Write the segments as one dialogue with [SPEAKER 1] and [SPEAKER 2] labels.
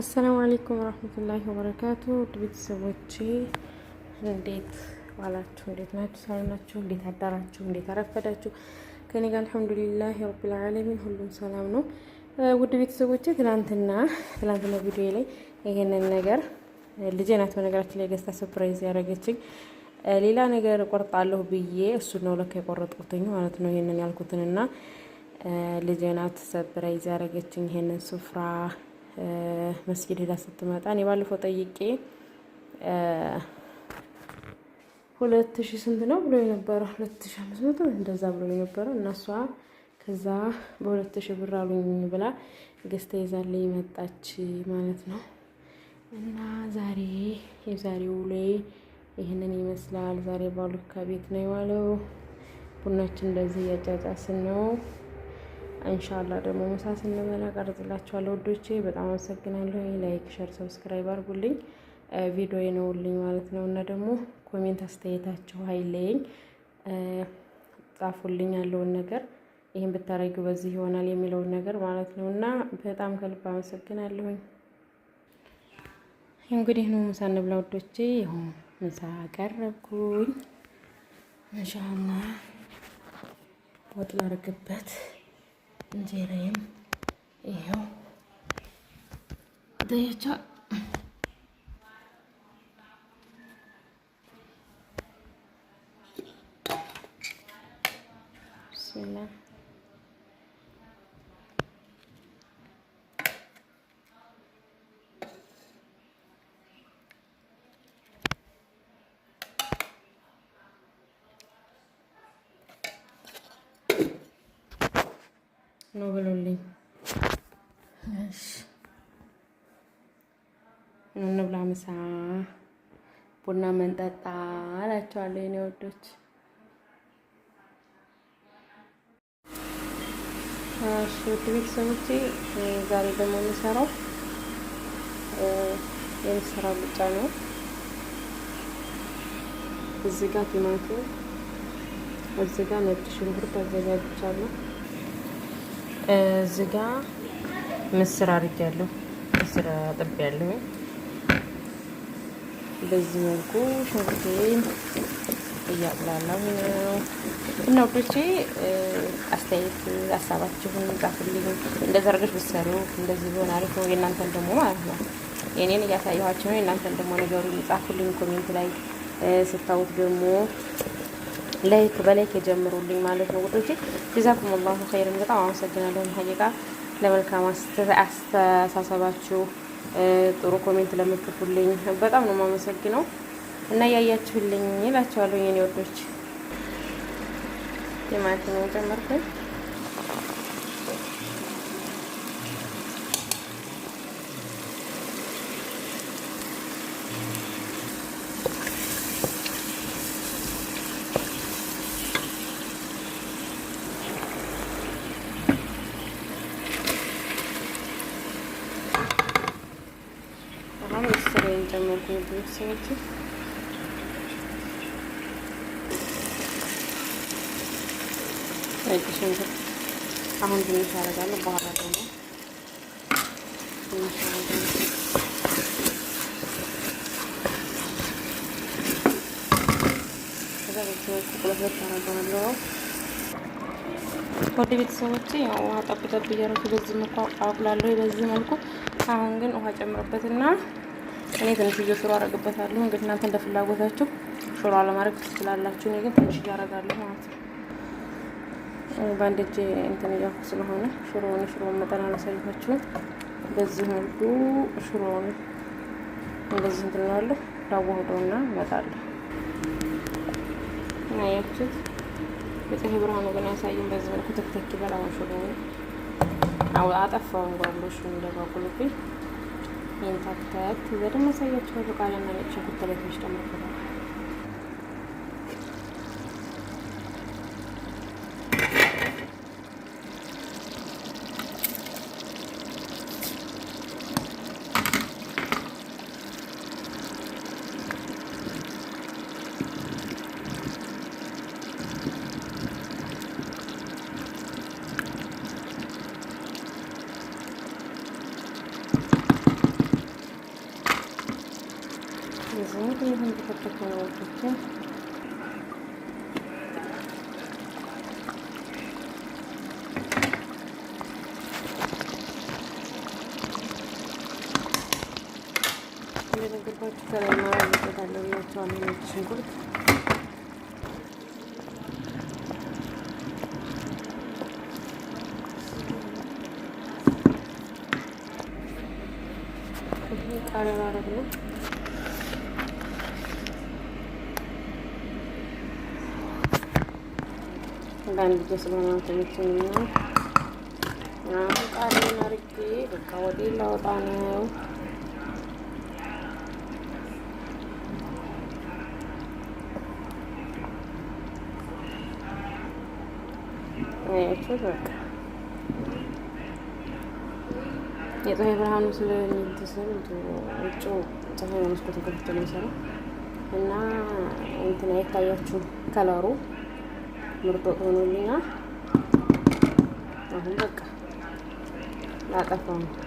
[SPEAKER 1] አሰላሙ አለይኩም ወረህመቱላሂ ወበረካቱ ውድ ቤተሰቦቼ እንዴት ዋላችሁ? እንዴት ናችሁ? ሰላም ናችሁ? እንዴት አዳራችሁ? እንዴት አረፈዳችሁ? ከኔ ጋር አልሐምዱሊላህ ረቢል ዓለሚን ሁሉም ሰላም ነው። ውድ ቤተሰቦቼ ትናንትና ትናንትና ቪዲዮ ላይ ይሄንን ነገር ልጄ ናት በነገራችን ላይ ገዝታ ሰርፕራይዝ ያደረገችኝ ሌላ ነገር ቆርጣለሁ ብዬ እሱን ነው ለካ የቆረጥኩትኝ ማለት ነው። ይሄንን ያልኩትንና ልጄ ናት ሰርፕራይዝ ያደረገችኝ ይሄንን ስፍራ መስጊድ ሄዳ ስትመጣ እኔ ባለፈው ጠይቄ ሁለት ሺ ስንት ነው ብሎ የነበረ ሁለት ሺ አምስት መቶ እንደዛ ብሎ የነበረ እና እሷ ከዛ በሁለት ሺ ብር አሉኝ ብላ ገዝታ ይዛለኝ መጣች ማለት ነው። እና ዛሬ የዛሬው ውሎ ይህንን ይመስላል። ዛሬ ባሉካ ቤት ነው የዋለው። ቡናችን እንደዚህ እያጫጫስን ነው። እንሻላ ደግሞ ምሳ ስንበላ ቀርጽላችኋለሁ ወዶቼ። በጣም አመሰግናለሁ። ላይክ፣ ሸር፣ ሰብስክራይብ አርጉልኝ ቪዲዮ ይነውልኝ ማለት ነው እና ደግሞ ኮሜንት አስተያየታችሁ ሀይለኝ ጻፉልኝ ያለውን ነገር ይህን ብታረጊው በዚህ ይሆናል የሚለውን ነገር ማለት ነው እና በጣም ከልብ አመሰግናለሁኝ። እንግዲህ ነው ምሳ እንብላ ውዶቼ። ይኸው ምሳ ቀረብኩኝ። እንሻላ ወጥ ላርግበት እንጀራዬም ይኸው ታያችኋል። ብስሚላህ ነው ብሎልኝ እንብላ ምሳ ቡና መንጠጣ አላቸዋለሁ የኔ ወዶች። እሺ ውድ ቤተሰቦቼ ዛሬ ደግሞ የምሰራው የምሰራ ብጫ ነው። እዚህ ጋር ቲማቲም፣ እዚህ ጋር ነጭ ሽንኩርት አዘጋጅቻለሁ። እዚህ ጋ ምስር አድርጊያለሁ። ምስር አጥቢያለሁ። በዚህ መልኩ ሽንኩርቴን እያቁላለሁ ነው እና ውዶቼ፣ አስተያየት ሀሳባችሁን ጻፉልኝ። እንደዚህ አድርገሽ ብትሰሩ እንደዚህ ቢሆን አሪፍ ነው። የእናንተን ደግሞ ማለት ነው የኔን እያሳየኋቸው ነው። የእናንተን ደግሞ ነገሩ ጻፉልኝ ኮሜንት ላይ ስታዩት ደግሞ ላይክ በላይክ የጀምሩልኝ ማለት ነው ውዶቼ። ጀዛኩሙላሁ ኸይረን በጣም አመሰግናለሁ። ሀቂቃ ለመልካም አስተሳሰባችሁ ጥሩ ኮሜንት ለምትጽፉልኝ በጣም ነው የማመሰግነው እና ያያችሁልኝ እላችኋለሁ የኔ ወዶች ቲማቲም ጨመርኩኝ። ጨመርኩ። ቤተሰቦች ነጭ ሽንኩርት አሁን ትንሽ አደርጋለሁ። በኋላ ደግሞ ትንሽ ቤተሰቦች ቁለት በት አደርገዋለሁ። ውሃ ጠብ ጠብ እያደረኩ በዚህ መልኩ አቁላለሁ። በዚህ መልኩ አሁን ግን ውሃ ጨምርበትና እኔ ትንሽዬ ሽሮ አረግበታለሁ። እንግዲህ እናንተ እንደ ፍላጎታችሁ ሽሮ አለማድረግ ትችላላችሁ። እኔ ግን ትንሽ እያረጋለሁ ማለት ነው። በአንድ እጄ እንትን እያልኩ ስለሆነ ሽሮውን የሽሮውን መጠን አላሳየኋችሁም። በዚህ መልኩ ሽሮውን እንደዚህ እንትን እለዋለሁ። ዳዋህደውና እመጣለሁ። አያችሁት? በፀሐይ ብርሃኑ ግን አያሳይም። በዚህ መልኩ ትክተክ ይበል። አሁን ሽሮውን አጠፋውን ጓሎሽ እንደባቁልብኝ የምታክተት ትዘ ደግሞ ሳያቸው በቃለ መልእክት ሽኩት ተለፊሽ ደግሞ አትክልቶችን እንደነገርኳችሁ ከላይ ማለበታለሁ ብያቸዋለሁ። ነጭ ሽንኩርት ቃሪያ ማረግ ነው። በአንድ ጊዜ ስለሆነ ተኝትና አሁን ቃሪያን አርጌ በቃ ወደ ላወጣ ነው። አያችሁት በቃ የፀሐይ ብርሃኑ ስለሚንትስል ውጭ ፀሐይ መስኮት ከፍቼ ነው የሚሰራው እና እንትን አይታያችሁም ከለሩ ምርጥ ወጥ ሆኖልኛል። አሁን በቃ ላጠፋው ነው።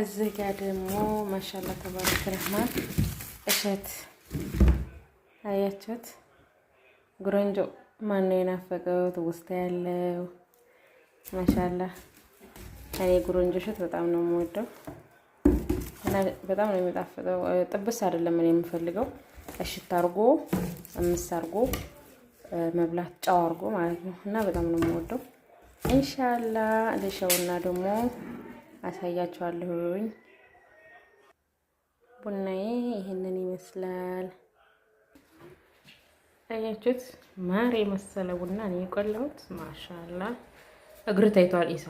[SPEAKER 1] እዚህ ጋር ደግሞ ማሻላ ተባረክ ረህማን እሸት አያችሁት። ጉረንጆ ማነው የናፈቀው? ትውስታ ያለው ማሻላ። እኔ ጉረንጆ እሸት በጣም ነው የምወደው እና በጣም ነው የሚጣፍጠው። ጥብስ አይደለም እኔ የምፈልገው እሽት አርጎ አምስት አርጎ መብላት ጫው አርጎ ማለት ነው። እና በጣም ነው የምወደው። ኢንሻላ ልሻውና ደግሞ አሳያችኋለሁኝ። ቡናዬ ይህንን ይመስላል። አያችሁት? ማር የመሰለ ቡና ነው የቆላሁት። ማሻላ እግር ታይቷል። ኢሳ